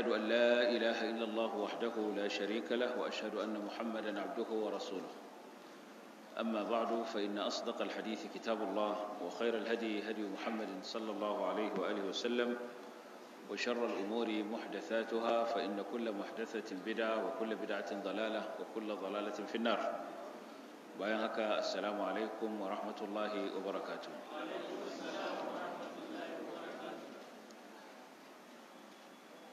أشهد ان لا اله الا الله وحده لا شريك له واشهد ان محمدا عبده ورسوله اما بعد فان اصدق الحديث كتاب الله وخير الهدي هدي محمد صلى الله عليه واله وسلم وشر الامور محدثاتها فان كل محدثه بدعه وكل بدعه ضلاله وكل ضلاله في النار بيانك السلام عليكم ورحمه الله وبركاته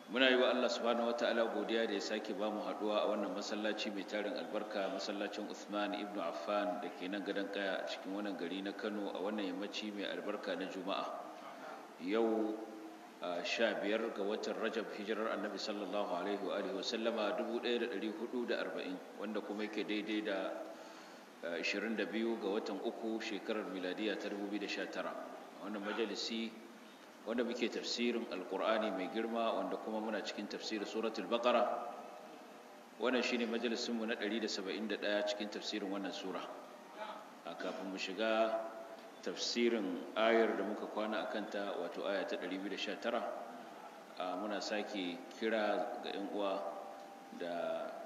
muna yi wa Allah subhanahu wataala godiya da ya sake ba mu haduwa a wannan masallaci mai tarin albarka masallacin Uthman ibnu Affan da ke nan gadon kaya a cikin wannan gari na Kano a wannan yammaci mai albarka na Juma'a yau sha biyar ga watan Rajab hijirar Annabi sallallahu alaihi wa alihi wa 1440 wanda kuma yake daidai da 22 ga watan uku shekarar miladiya ta a wannan majalisi wanda muke tafsirin alkur'ani mai girma wanda kuma muna cikin tafsirin suratul baqara wannan shine mu na 171 cikin tafsirin wannan sura a kafin mu shiga tafsirin ayar da muka kwana a kanta wato aya ta 219 muna sake kira ga 'yan uwa da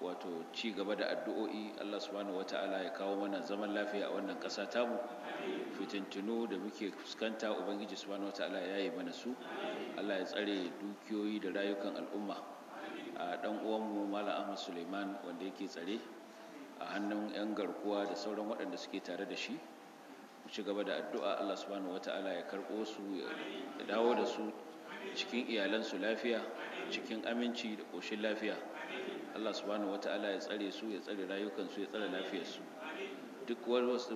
wato ci gaba da addu'o'i Allah subhanahu wata'ala ya kawo mana zaman lafiya a wannan ƙasa tamu fitintunu da muke fuskanta ubangiji subhanahu wata'ala ya yi mana su Allah ya tsare dukiyoyi da rayukan al'umma a dan uwanmu malam Ahmad Suleiman wanda yake tsare a hannun yan garkuwa da sauran waɗanda suke tare da shi mu ci gaba da addu'a Allah subhanahu wata'ala ya karɓo su ya dawo da su cikin iyalansu lafiya cikin aminci da ƙoshin lafiya Allah subhanahu wata'ala ya tsare su ya tsare rayukansu ya tsare lafiyarsu duk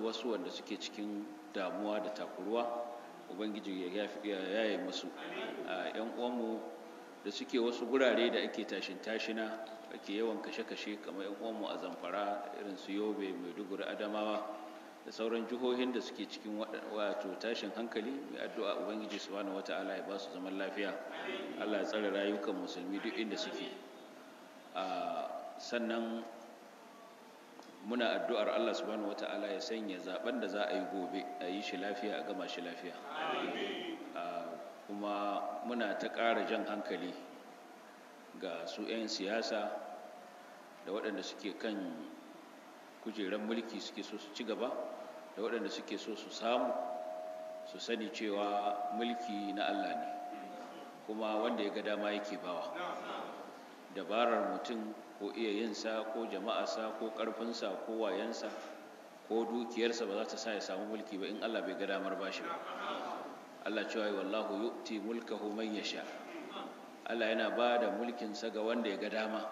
wasu wanda suke cikin damuwa da takuruwa ubangiji ya yaye musu ah, yan uwanmu da suke wasu gurare da ake tashin tashina ake yawan kashe-kashe kamar yan uwanmu a zamfara irin su yobe maiduguri adamawa da sauran jihohin da suke cikin wato tashin hankali mai addu'a ubangiji subhanahu wata'ala ya ba su zaman lafiya Allah ya tsare rayukan musulmi duk inda suke sannan muna addu'ar Allah subhanahu wata'ala ya sanya zaben da za a yi gobe a yi shi lafiya a gama shi lafiya kuma muna ta ƙara jan hankali ga su 'yan siyasa da waɗanda suke kan kujerar mulki suke so su ci gaba da waɗanda suke so su samu su sani cewa mulki na Allah ne kuma wanda ya ga dama yake bawa dabarar mutum ko iya yinsa ko jama'arsa ko ƙarfinsa ko wayansa ko dukiyarsa ba za ta sa ya samu mulki ba in Allah bai ga damar shi ba Allah cewa wallahu yu'ti mulkahu man yasha Allah yana ba da sa ga wanda ya ga dama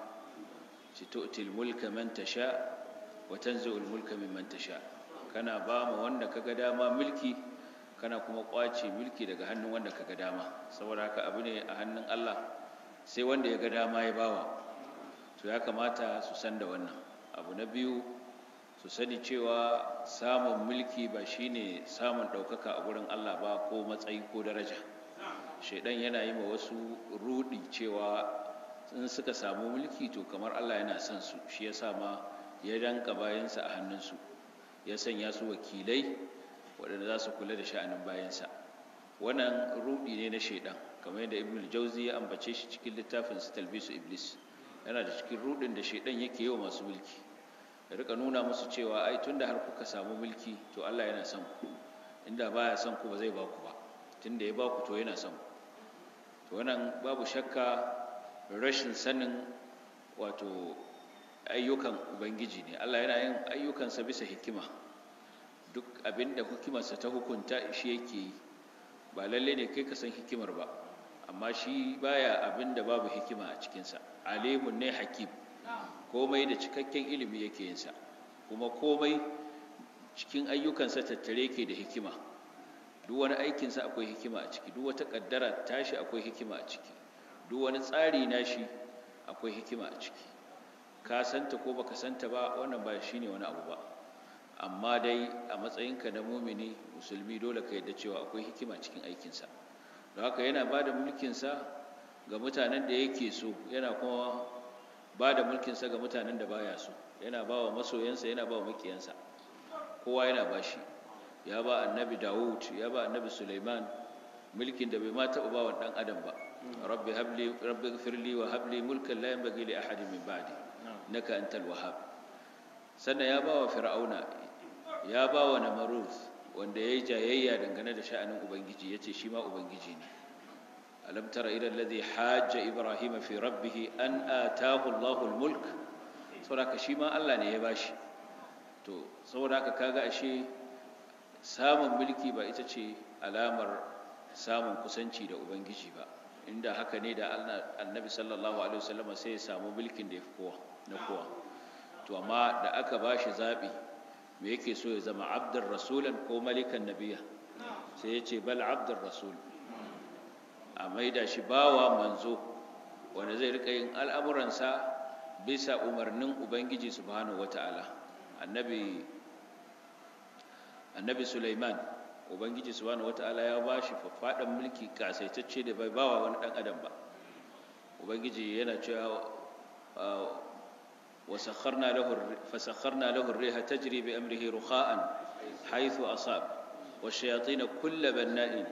ci tu'til mulka man tasha wa tanzu'ul mulka mimman tasha kana ba mu wanda ka ga dama mulki kana kuma kwace mulki daga hannun wanda ka ga dama saboda haka abu ne a hannun Allah sai wanda ya ga dama ya bawa to ya kamata su san da wannan abu na biyu su sani cewa samun mulki ba shine samun ɗaukaka a gurin Allah ba ko matsayi ko daraja shaidan yana yi ma wasu rudi cewa in suka samu mulki to kamar Allah yana son su shi ya ma ya danka bayansa a hannunsu ya sanya su wakilai waɗanda za su kula da sha'anin bayansa wannan rudi ne na shaidan kamar yadda ibn jauzi ya ambace shi cikin littafin sa talbisu iblis yana da cikin rudin da shaidan yake yi masu mulki ya rika nuna musu cewa ai tunda har kuka samu mulki to Allah yana son ku inda baya son ku ba zai baku ba tunda ya ba to yana son to wannan babu shakka rashin sanin wato ayyukan ubangiji ne Allah yana yin ayyukansa bisa hikima duk abinda hikimarsa ta hukunta shi yake yi ba lalle ne kai ka san hikimar ba amma shi baya abin da babu hikima a cikinsa alimun ne hakim komai da cikakken ilimi yake yinsa kuma komai cikin ayyukansa tattare ke da hikima duk wani aikinsa akwai hikima a ciki duk wata kaddara tashi akwai hikima a ciki duk wani tsari nashi akwai hikima a ciki ka santa ko baka santa ba wannan ba shine wani abu ba amma dai a matsayinka na mumini musulmi dole ka yadda cewa akwai hikima cikin aikinsa da haka yana ba da mulkinsa ga mutanen da yake so yana kuma ba da mulkinsa ga mutanen da baya so yana ba wa masoyansa yana ba wa makiyansa kowa yana ba shi ya ba annabi dawud ya ba annabi suleiman mulkin da bai ma taɓa ba wa ɗan adam ba rabbi habli rabbi firli wa habli mulkan la yanbaghi li ahadin min ba'di naka antal wahhab sannan ya ba wa fir'auna ya ba wa namrud wanda ya yi jayayya dangane da sha'anin ubangiji ya ce shi ma ubangiji ne Alamtar idan ila alladhi hajja fi rabbih an atahu allahu almulk saboda shi ma Allah ne ya bashi to saboda haka kaga ashe samun mulki ba ita ce alamar samun kusanci da ubangiji ba inda haka ne da annabi sallallahu alaihi wasallam sai ya samu mulkin da ya fi kowa kowa to amma da aka bashi zaɓi. me yake so ya zama abdul rasulan ko malikan nabiya sai ya ce bal abdul rasul a maida shi bawa manzo wanda zai rika yin al'amuransa bisa umarnin ubangiji subhanahu wata'ala annabi annabi Sulaiman ubangiji subhanahu wata'ala ya ba shi faffaɗan mulki kasaitacce da bai bawa wani ɗan adam ba ubangiji yana cewa ah, وسخرنا له فسخرنا له الريح تجري بأمره رخاء حيث أصاب والشياطين كل بناء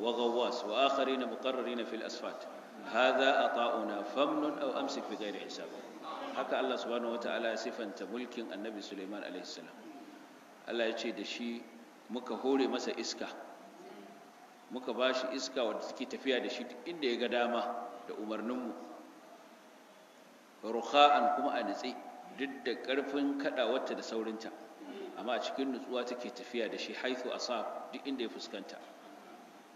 وغواص وآخرين مقررين في الأسفات هذا أطاؤنا فمن أو أمسك بغير حساب حكى الله سبحانه وتعالى صفة تملك النبي سليمان عليه السلام الله يشيد دشي مكهول مسا إسكا مكباش إسكا وتكي تفيا دشي إن دي قدامة لأمر نمو rukha'an kuma a nitse duk da ƙarfin kaɗawarta da saurinta amma a cikin nutsuwa take tafiya da shi haithu sa duk inda ya fuskanta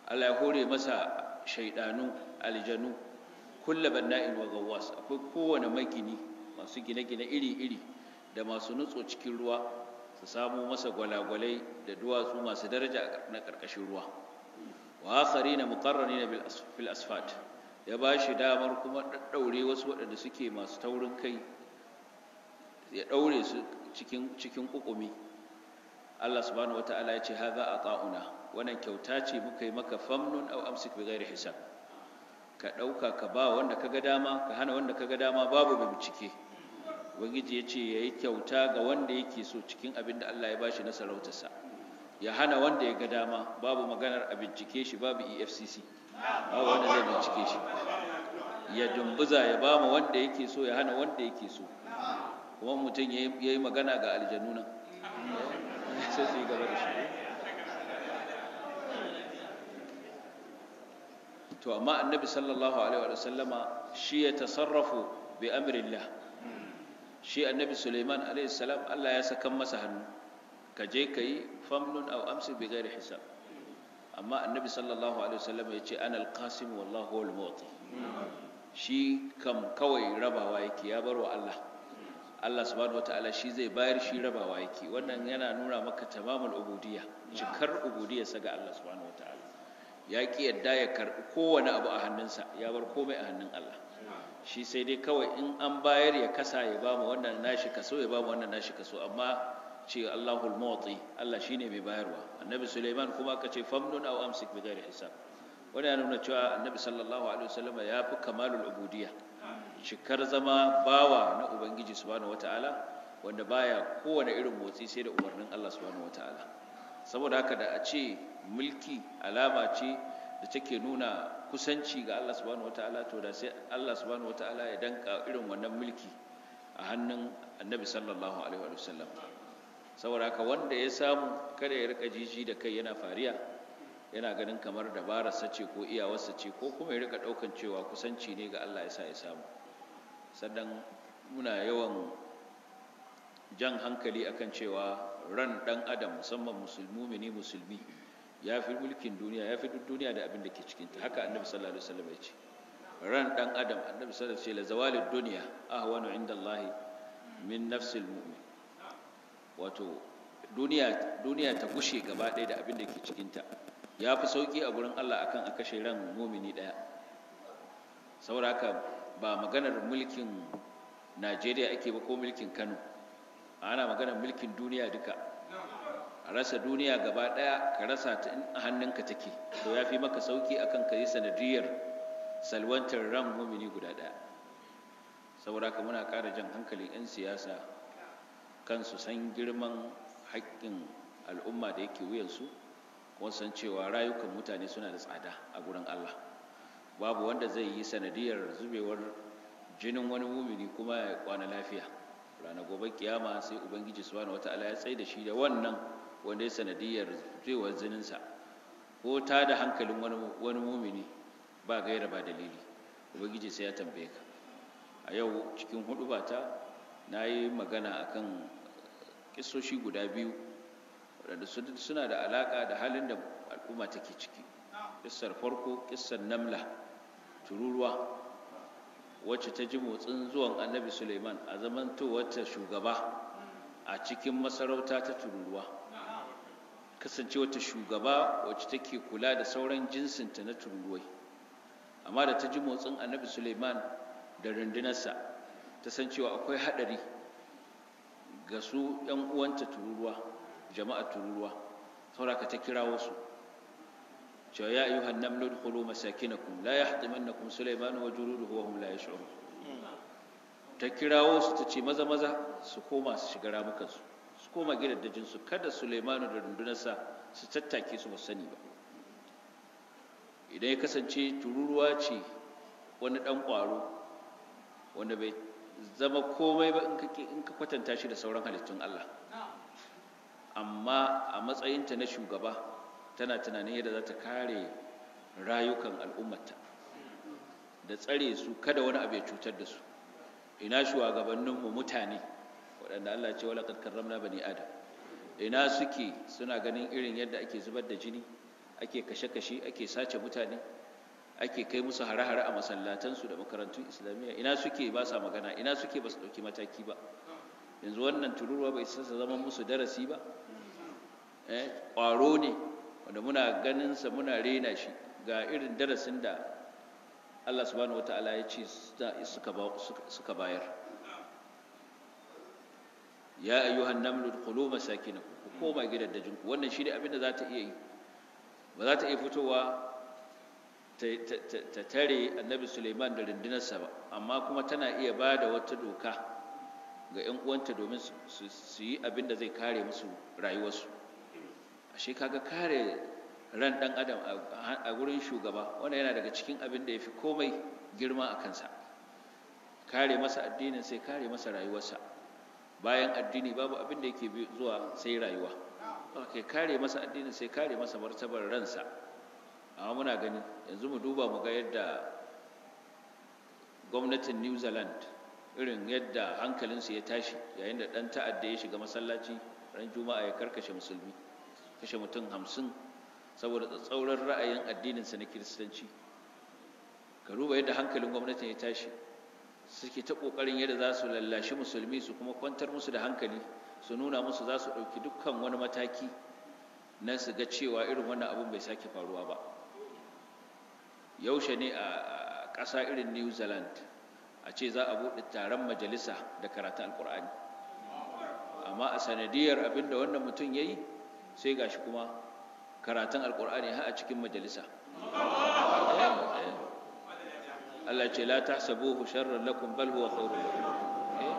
Allah ya hore masa shaidanu aljanu kulla banna'in wa akwai kowane magini masu gine-gine iri-iri da masu nutso cikin ruwa su samu masa gwalagwalai da duwatsu masu daraja na ƙarƙashin ruwa wa akharina muqarranina bil asfalt ya ba shi damar kuma ɗaɗɗaure wasu waɗanda suke masu taurin kai ya ɗaure su cikin ƙuƙumi Allah subhanahu Ta'ala ya ce haza a ƙauna. wannan kyauta ce muka yi maka famnun au amsik bi gairi hisab ka ɗauka ka ba wanda ka ga dama ka hana wanda ka ga dama babu bincike ubangiji ya ce ya yi kyauta ga wanda yake so cikin abin da Allah ya ba shi na sarautarsa ya hana wanda ya ga dama babu maganar a bincike shi babu efcc babu wanda zai bincike shi ya dumbuza ya ba mu wanda yake so ya hana wanda yake so kuma mutum ya yi magana ga aljanu nan sai su yi gaba da shi to amma annabi sallallahu alaihi wa sallama shi ya tasarrafu bi amrillah shi annabi suleiman alaihi salam Allah ya sakan masa hannu ka je ka yi famnun au amsi bi ghairi hisab amma annabi sallallahu alaihi wasallam ya ce ana alqasim wallahu wal mu'ti shi kam kawai rabawa yake ya barwa Allah Allah subhanahu wataala shi zai bayar shi rabawa yake wannan yana nuna maka tamamul ubudiyya cikar ubudiyya saga Allah subhanahu wataala ya ki yadda ya karbi kowane abu a hannunsa ya bar komai a hannun Allah shi sai dai kawai in an bayar ya kasa ya ba mu wannan nashi kaso ya ba mu wannan nashi kaso amma ce Allahul muwati Allah shine mai bayarwa annabi Sulaiman kuma aka ce famnun aw amsik bi ghairi hisab wani ya nuna cewa annabi sallallahu alaihi wasallam ya fi kamalul ubudiyya cikar zama bawa na ubangiji subhanahu wataala wanda baya kowane irin motsi sai da umarnin Allah subhanahu wataala saboda haka da a ce mulki alama ce da take nuna kusanci ga Allah subhanahu wataala to da sai Allah subhanahu wataala ya danka irin wannan mulki a hannun annabi sallallahu alaihi wasallam saboda haka wanda ya samu kada ya rika jiji da kai yana fariya yana ganin kamar dabara sace ko iyawarsa ce ko kuma ya rika daukan cewa kusanci ne ga Allah ya sa ya samu sannan muna yawan jan hankali akan cewa ran dan adam musamman ne musulmi ya fi mulkin duniya ya fi duk duniya da abin da ke cikinta haka annabi sallallahu alaihi wasallam ya ce ran dan adam annabi sallallahu alaihi wasallam ce la zawalid dunya ahwanu inda Allah min nafsil mu'min wato duniya duniya ta gushe gaba ɗaya da abin da ke cikinta ya fi sauƙi a gurin Allah akan a kashe ran mumini ɗaya sauraka ba maganar mulkin Najeriya ake ba ko mulkin Kano ana maganar mulkin duniya duka rasa duniya gaba ɗaya ka rasa ta in a hannunka take to ya fi maka sauƙi akan ka yi sanadiyar salwantar ran mumini guda ɗaya saboda haka muna ƙara jan hankalin 'yan siyasa kansu san girman haƙƙin al'umma da yake wuyansu kuma san cewa rayukan mutane suna da tsada a gurin Allah babu wanda zai yi sanadiyar zubewar jinin wani mumini kuma ya kwana lafiya Rana gobe kiyama sai ubangiji subhanahu wataala ya tsaye da shi da wannan wanda ya sanadiyar zubewar jininsa ko ta da hankalin wani mumini ba gaira ba dalili ubangiji sai ya tambaye ka a yau cikin hudu ba ta na yi magana a kan ƙisoshi guda biyu waɗanda suna da alaƙa da halin da al'umma take ciki ƙisar farko ƙisar namla tururuwa wacce ta ji motsin zuwan annabi suleiman a zaman wata shugaba a cikin masarauta ta tururuwa Kasance wata shugaba wacce take kula da sauran jinsinta na tururuwai amma da ta ji motsin annabi suleiman da rundunarsa ta san cewa akwai haɗari ga su 'yan uwanta tururuwa jama'a tururuwa sauraka ta kira wasu cewa ya yi hannun lulhulu masakinakum la ya haɗiman na kuma sulaimanu wa jururuhu wa hula ya shi'uru ta kira wasu ta ce maza maza su koma su shiga ramukansu su koma su kada suleimanu da rundunarsa su tattake su ba sani ba idan ya kasance tururuwa ce wani ɗan ƙwaro wanda bai zama komai ba in ka kwatanta shi da sauran halittun Allah amma a matsayinta na shugaba tana tunanin yadda za ta kare rayukan al'ummata da tsare su kada wani abu ya cutar da su ina shugabanninmu mutane waɗanda Allah ce wala ramna bani adam ina suke suna ganin irin yadda ake zubar da jini ake kashe-kashe ake sace mutane ake kai musu hare-hare a masallatansu da makarantun islamiyya ina suke ba sa magana ina suke ba su ɗauki mataki ba yanzu wannan tururuwa bai sassa zama musu darasi ba eh, ƙwaro ne wanda muna ganin sa muna rena shi ga irin darasin da allah subhanahu wa ta'ala ya ce suka bayar ya ayyuhan namlu khulu masakinakum ku koma ku. wannan shi ne abin da za ta iya yi ba za ta iya fitowa ta tare annabi suleiman da rundunarsa ba amma kuma tana iya ba da wata doka ga 'yan uwanta domin su yi abin da zai kare musu rayuwarsu ashe kaga kare ran ɗan adam a gurin shugaba wanda yana daga cikin abin da ya fi komai girma a kansa kare masa addinin sai kare masa rayuwarsa bayan addini babu abin da yake zuwa sai rayuwa kai kare masa addinin sai kare masa martabar ransa amma muna gani yanzu mu duba mu ga yadda gwamnatin new zealand irin yadda hankalinsu ya tashi yayin da ɗan ta'adda ya shiga masallaci ran juma'a ya karkashe musulmi kashe mutum hamsin saboda tsatsauran ra'ayin addininsa na kiristanci ka duba yadda hankalin gwamnatin ya tashi suke ta ƙoƙarin yadda za su lallashi musulmi su kuma kwantar musu da hankali su nuna musu za su ɗauki dukkan wani mataki na su ga cewa irin wannan abin bai sake faruwa ba yaushe ne a ƙasa irin new zealand a ce za a buɗe taron majalisa da karatun alkur'ani amma a sanadiyar abinda wannan mutum ya yi sai ga shi kuma karatun alkur'ani har a cikin majalisa eh, eh. Allah ce la ta sabuhu sharran lakum bal huwa khairun eh.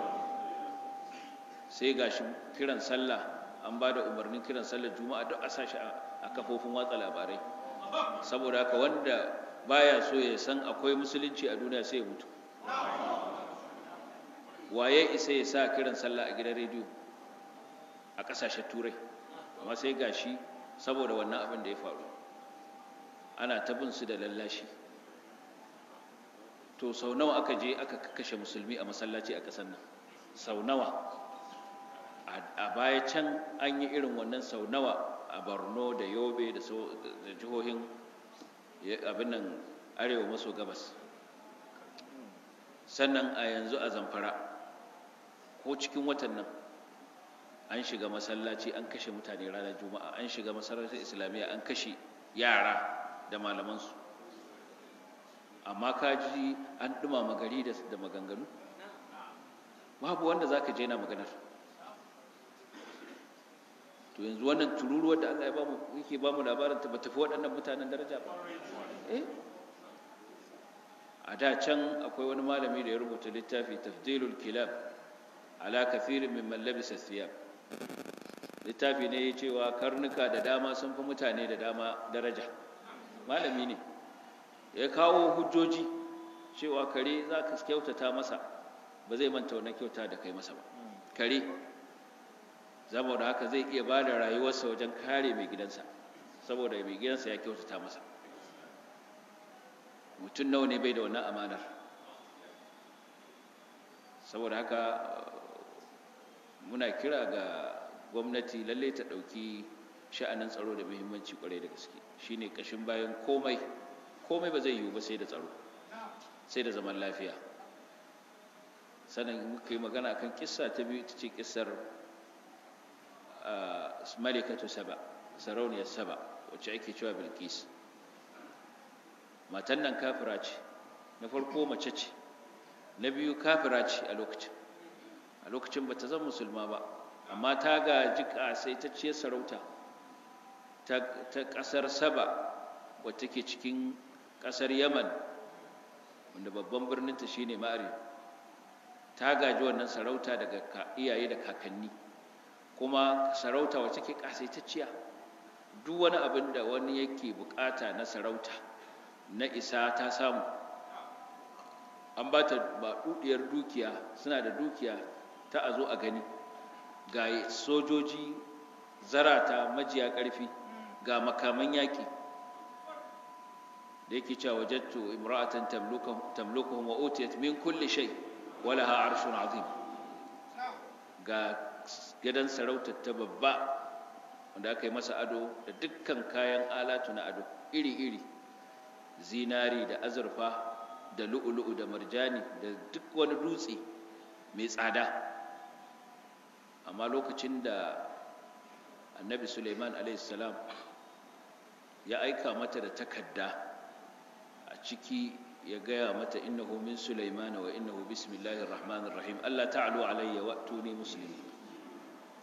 sai shi kiran sallah an ba da umarnin kiran sallah juma'a duk a sashi a kafofin watsa labarai saboda haka wanda baya so ya san akwai musulunci a duniya sai ya mutu waye isa ya sa kiran sallah a gidan rediyo a kasashen turai amma sai gashi saboda wannan abin da ya faru ana ta su da lallashi to sau nawa aka je aka kashe musulmi a masallaci a ƙasar nan sau nawa a baya can an yi irin wannan sau nawa a borno da yobe da jihohin abin nan arewa maso gabas sannan a yanzu a zamfara ko cikin watan nan an shiga masallaci an kashe mutane ranar juma'a an shiga masallacin islamiyya an kashe yara da malamansu amma ka ji an ɗumama gari da maganganu babu wanda za ka je na maganar to yanzu wannan tururuwar da Allah ya ba mu yake ba mu labarin ta ba tafi waɗannan mutanen daraja ba eh a da can akwai wani malami da ya rubuta littafi tafdilul kilab ala kathirin min man labisa thiyab littafi ne cewa karnuka da dama sun fi mutane da dama daraja malami ne ya kawo hujjoji cewa kare za ka kyautata masa ba zai manta wannan kyauta da kai masa ba kare saboda haka zai iya ba da rayuwarsa wajen kare mai gidansa saboda mai gidansa ya kyautata masa mutum nawa ne bai da wannan amanar saboda haka uh, muna kira ga gwamnati lalle ta ɗauki sha'anin tsaro da muhimmanci kwarai da gaske Shi ne kashin bayan komai komai ba zai yiwu ba sai da tsaro sai da zaman lafiya sannan muka yi magana kan kissa ta biyu ta ce kissar malikatu saba sarauniyar saba wacce ake cewa bilkis matan nan kafira ce na farko mace ce na biyu kafira ce a lokacin a lokacin ba ta zan musulma ba amma ta gaji sai ta ce sarauta ta ƙasar saba wacce ke cikin ƙasar yaman wanda babban birninta shine ma'ari ta gaji wannan sarauta daga iyaye da kakanni kuma sarauta wacce ke kasaitacciya duk wani abin da wani yake bukata na sarauta na isa ta samu an ba ta baɗuɗiyar dukiya suna da dukiya ta a zo a gani ga sojoji zarata majiya karfi ga makaman yaƙi da yake cewa wajattu imra'atan tamlukuhum wa utiyat min kulli shay walaha arshun azim ga gidan sarautar ta babba wanda aka yi masa ado da dukkan kayan alatu na ado iri-iri zinari da azurfa da lu'ulu'u da marjani da duk wani dutse mai tsada amma lokacin da annabi suleiman alaihissalam ya aika mata da takadda a ciki ya gaya mata innahu min suleimana wa innahu bismillahir rahmanir rahim Allah ta'alu alayya wa tuni muslimin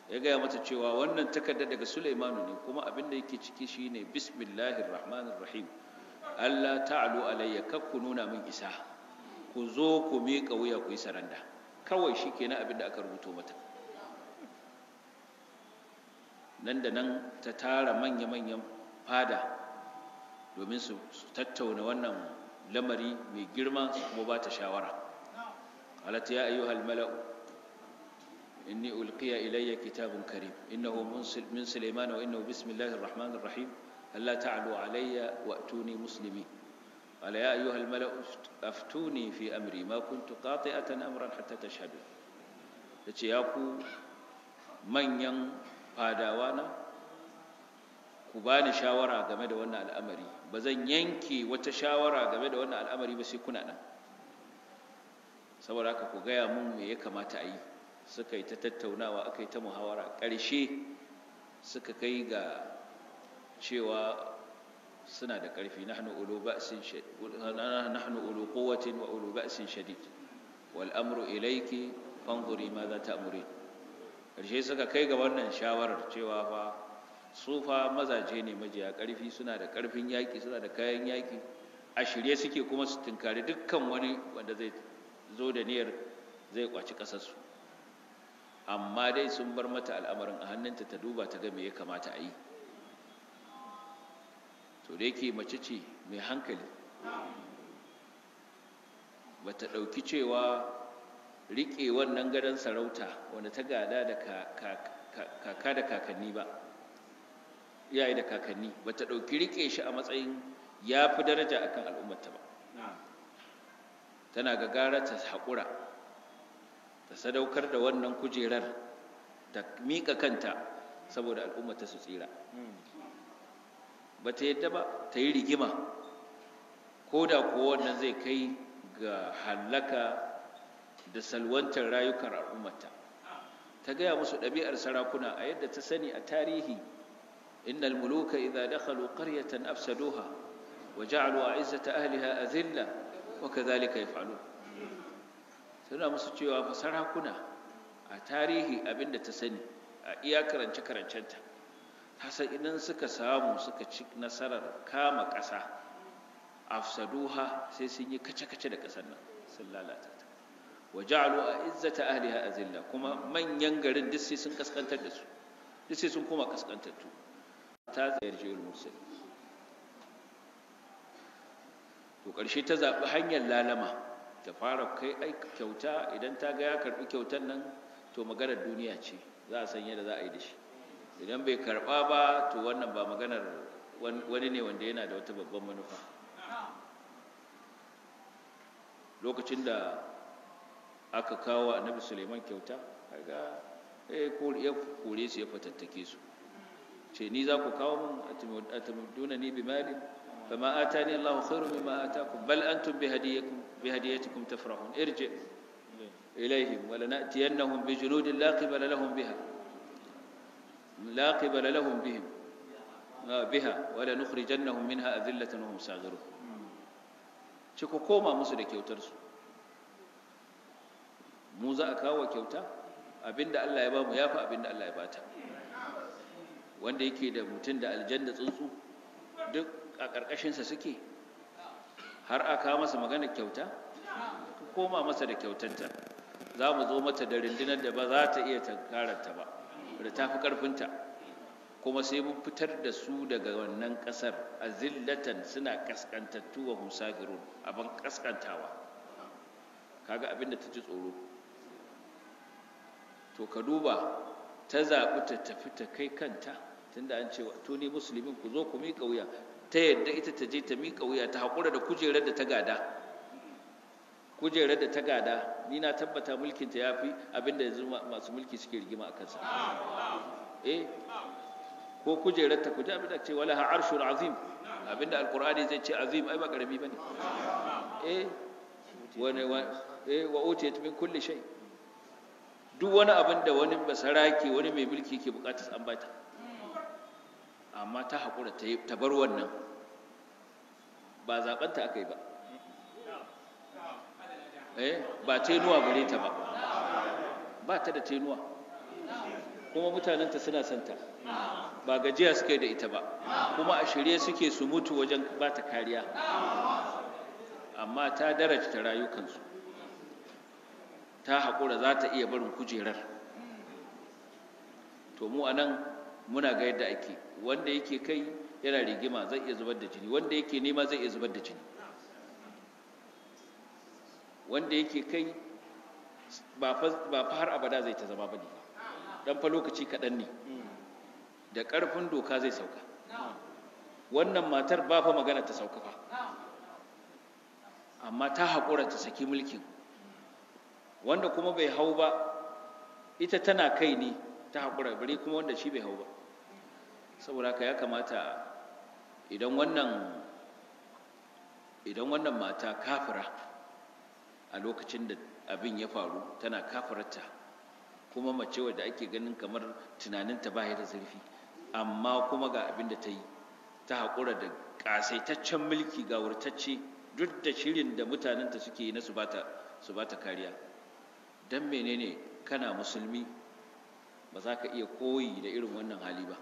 ya gaya mata cewa wannan takarda daga Sulaimanu ne kuma abinda yake ciki shine bismillahir rahmanir rahim Allah ta'alu alayya ka ku nuna min isa ku zo ku miƙa wuya ku yi saranda kawai shi na abin da aka rubuto mata nan da nan ta tara manya-manyan fada domin su tattauna wannan lamari mai girma su kuma ba ta shawara halatta ya ayyuhal mala'u إني ألقي إلي كتاب كريم إنه من سليمان وإنه بسم الله الرحمن الرحيم ألا تعلوا علي وأتوني مسلمين قال يا أيها الملأ أفتوني في أمري ما كنت قاطئة أمرا حتى تشهدوا تشياكو من ين فاداوانا كباني شاورا قمد وانا الأمري بزن ينكي وتشاورا قمد وانا الأمري بس يكون أنا da wannan al'amari ba sai suka yi ta tattaunawa aka yi ta muhawara ƙarshe suka kai ga cewa suna da ƙarfi na ulu ba'sin ulu kowace wa ulu ba'sin shadid wal amru ilayki fanzuri ma za amuri ƙarshe suka kai ga wannan shawarar cewa fa su fa mazaje ne majiya ƙarfi suna da ƙarfin yaƙi suna da kayan yaƙi a shirye suke kuma su tunkari dukkan wani wanda zai zo da niyyar zai kwaci ƙasarsu amma dai sun bar mata al'amarin a hannunta ta duba ta ga me ya kamata a yi to da yake mace ce mai hankali ba ta ɗauki cewa riƙe wannan gadon sarauta wanda ta gada da kaka da kakanni ba yayi da kakanni ba ta ɗauki riƙe shi a matsayin ya fi daraja akan al'ummata ba tana gagara ta haƙura ta sadaukar da wannan kujerar ta miƙa kanta saboda al'ummata su tsira ba ta yadda ba ta yi rigima ko da kuwa wannan zai kai ga hallaka da salwantar rayukan al'ummata ta gaya musu ɗabi'ar sarakuna a yadda ta sani a tarihi innal muluka idza dakhalu qaryatan afsaduha wa ja'alu 'izzata ahliha azilla wa kadhalika yaf'alun suna musu cewa fa sarakuna a tarihi abinda ta sani a iya karance karancenta ta idan suka samu suka ci nasarar kama ƙasa afsaduha sai sun yi kace-kace da ƙasar nan sun lalata ta wa ja'alu a izzata ahliha azilla kuma manyan garin duk sai sun kaskantar da su duk sai sun koma tu. ta tsayar jiyar musul to ƙarshe ta zaɓi hanyar lalama ta fara kai kyauta idan ta ga ya karbi kyautan nan to maganar duniya ce za a san yadda za a yi da shi idan bai karba ba to wannan ba maganar wani ne wanda yana da wata babban manufa lokacin da aka kawo annabi suleiman kyauta ga eh, ya kore su ya fatattake su ce ni za ku kawo mun tamaduna ni bi malin فما آتاني الله خير مما آتاكم بل أنتم بهديكم بهديتكم تفرحون ارجع إليهم ولنأتينهم بجنود لا قبل لهم بها لا قبل لهم بهم بها ولنخرجنهم منها أذلة وهم صاغرون ciku koma musu da kyautarsu mu za a kawo kyauta abinda Allah ya ba mu yafi abinda Allah ya bata wanda yake da mutum da aljanna tsuntsu duk a ƙarƙashinsa suke har aka masa magana kyauta koma masa da kyautanta za mu zo mata da rundunar da ba za ta iya tankararta ba da ta fi ƙarfinta kuma sai mun fitar da su daga wannan ƙasar a zillatan suna ƙasƙantattu wa musafirun abin ƙasƙantawa kaga abin da ta ji tsoro to ka duba ta zaɓi ta tafi ta kai kanta tunda an ce to ne musulmin ku zo ku miƙa wuya ta yadda ita ta je ta miƙa wuya ta haƙura da kujerar da ta gada kujerar da ta gada ni na tabbata mulkinta ya fi abinda yanzu masu mulki suke rigima a kansa eh ko kujerar ta kuje abinda ce wala arshul azim abinda Alƙur'ani zai ce azim ai ba karami ba ne. Eh, eh wa utiyat min kulle shai. duk wani abin da wani basaraki wani mai mulki ke bukatar an bata amma ta haƙura ta bar wannan ba zaɓanta aka yi ba eh ba tenuwa gare ta ba ba ta da tenuwa kuma mutanenta suna santa ba gajiya suke da ita ba kuma a shirye suke su mutu wajen ba ta kariya amma ta ta rayukansu ta haƙura za ta iya barin kujerar to mu a nan muna ga yadda ake wanda yake kai yana rigima zai iya zubar da jini wanda yake nema zai iya zubar da jini wanda yake kai ba fa har abada zai ta zama ba ne dan fa lokaci kaɗan ne da ƙarfin doka zai sauka wannan matar ba fa magana ta sauka fa amma ta haƙura ta saki mulkin wanda kuma bai hau ba ita tana kai ne ta haƙura bare kuma wanda shi bai hau ba saboda haka ya kamata idan wannan idan wannan mata kafira a lokacin da abin ya faru tana kafirarta kuma mace wadda ake ganin kamar tunaninta ba da zurfi amma kuma ga abin da ta yi ta haƙura da ƙasaitaccen mulki ga wurtacce duk da shirin da mutanenta suke yi na su ba ta kariya don menene kana musulmi ba za ka iya koyi da irin wannan hali ba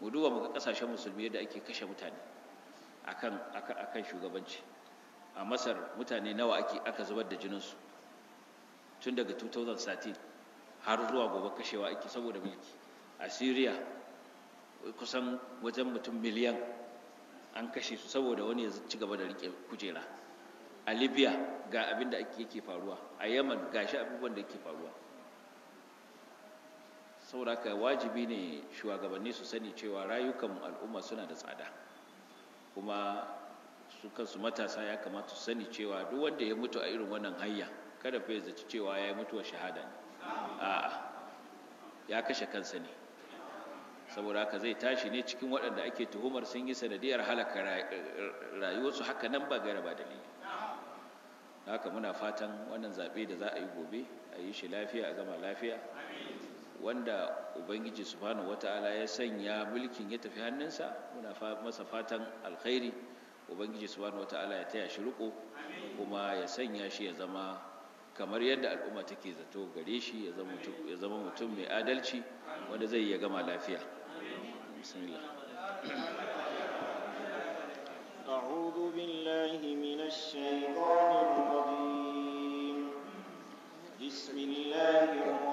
mu duba muka kasashen musulmi yadda ake kashe mutane akan akan shugabanci a masar mutane nawa ake aka zubar da jininsu tun daga 2013 har zuwa gobe kashewa ake saboda mulki a syria kusan wajen mutum miliyan an kashe su saboda wani ya ci gaba da rike kujera a libya ga abin da ake faruwa a yaman ga shi abubuwan da ke faruwa sauraka wajibi ne shugabanni su sani cewa rayukan al'umma suna da tsada kuma su kansu matasa ya kamata su sani cewa duk wanda ya mutu a irin wannan hanya kada fa ya zaci cewa ya mutu wa shahada ne a'a ya kashe kansa ne saboda haka zai tashi ne cikin waɗanda ake tuhumar sun yi sanadiyar halaka rayuwarsu haka nan ba gara ba dalili haka muna fatan wannan zaɓe da za a yi gobe a yi shi lafiya a gama lafiya wanda ubangiji subhanahu wataala ya sanya mulkin ya tafi hannunsa muna masa fatan alkhairi ubangiji subhanahu wataala ya taya shi riko kuma ya sanya shi ya zama kamar yadda al'umma take zato gare shi ya zama mutum mai adalci wanda zai iya gama lafiya bismillah بسم الله الرحمن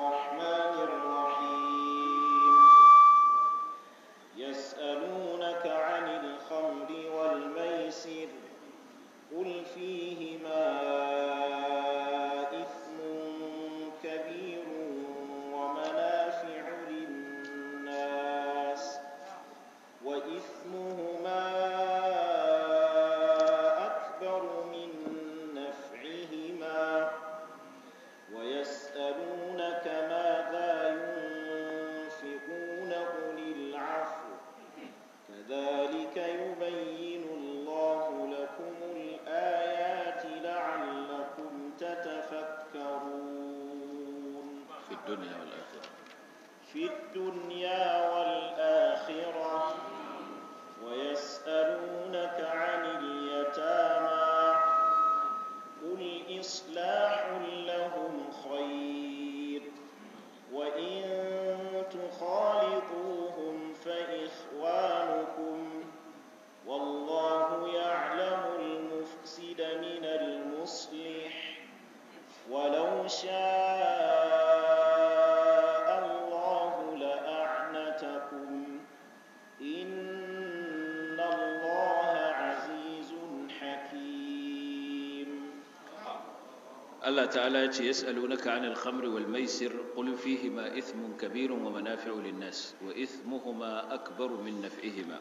Allah ta'ala ya ce yas'alunaka 'anil khamri wal maisir qul fihima ithmun kabirun wa manafi'u lin-nas wa ithmuhuma akbaru min naf'ihima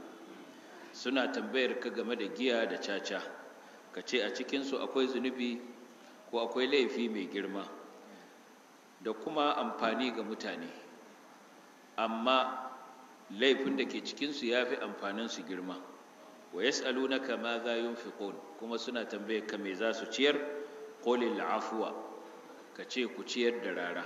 suna tambayar ka game da giya da caca ka ce a cikin su akwai zunubi ko akwai laifi mai girma da kuma amfani ga mutane amma laifin da ke cikin su yafi amfanin su girma wa yas'alunaka ma za yunfiqun kuma suna tambayar ka me za su ciyar qulil afwa ka ce ku ciyar da rara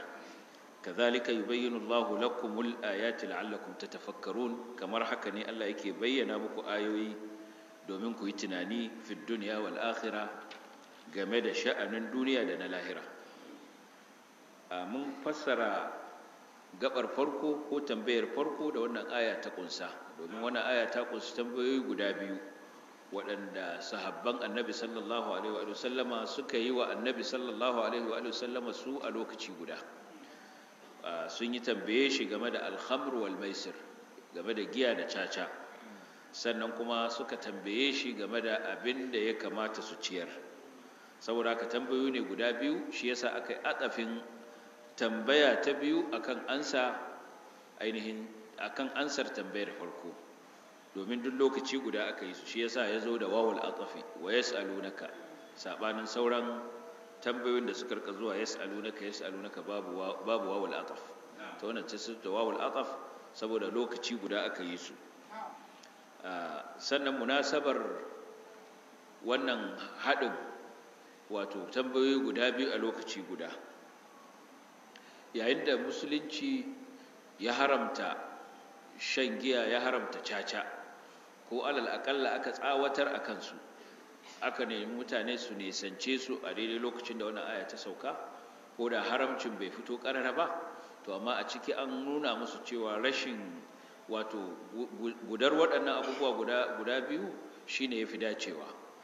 kazalika yubayyinu Allahu lakumul ayati la'allakum tatafakkarun kamar haka ne Allah yake bayyana muku ayoyi domin ku yi tunani fi dunya wal akhirah game da sha'anin duniya da na lahira mun fassara gabar farko ko tambayar farko da wannan aya ta kunsa domin wannan aya ta kunsa tambayoyi guda biyu waɗanda sahabban annabi sallallahu alaihi wa sallama suka yi wa annabi sallallahu alaihi wa sallama su a lokaci guda ah, sun yi tambaye shi game da alhamru wal maisir game da giya da caca sannan kuma suka tambaye shi game da abin da ya kamata su ciyar saboda ka tambayo ne guda biyu shi yasa aka yi atsafin tambaya ta biyu akan ansa ainihin akan ansar tambayar farko domin duk lokaci guda aka yi su shi yasa ya zo da wawul atafi wa yas'alunaka sabanin sauran tambayoyin da suka rika zuwa yas'alunaka yas'alunaka babu babu wawul ataf to wannan ce su da wawul ataf saboda lokaci guda aka yi su ah, sannan munasabar wannan haɗin wato tambayoyi guda biyu a lokaci guda yayin da musulunci ya haramta shan giya ya haramta caca ko alal akalla aka tsawatar a kansu aka nemi mutane su nisance su a daidai lokacin da wani aya ta sauka ko da haramcin bai fito karara ba to amma a ciki an nuna musu cewa rashin wato gudar waɗannan abubuwa guda biyu shine ya fi dacewa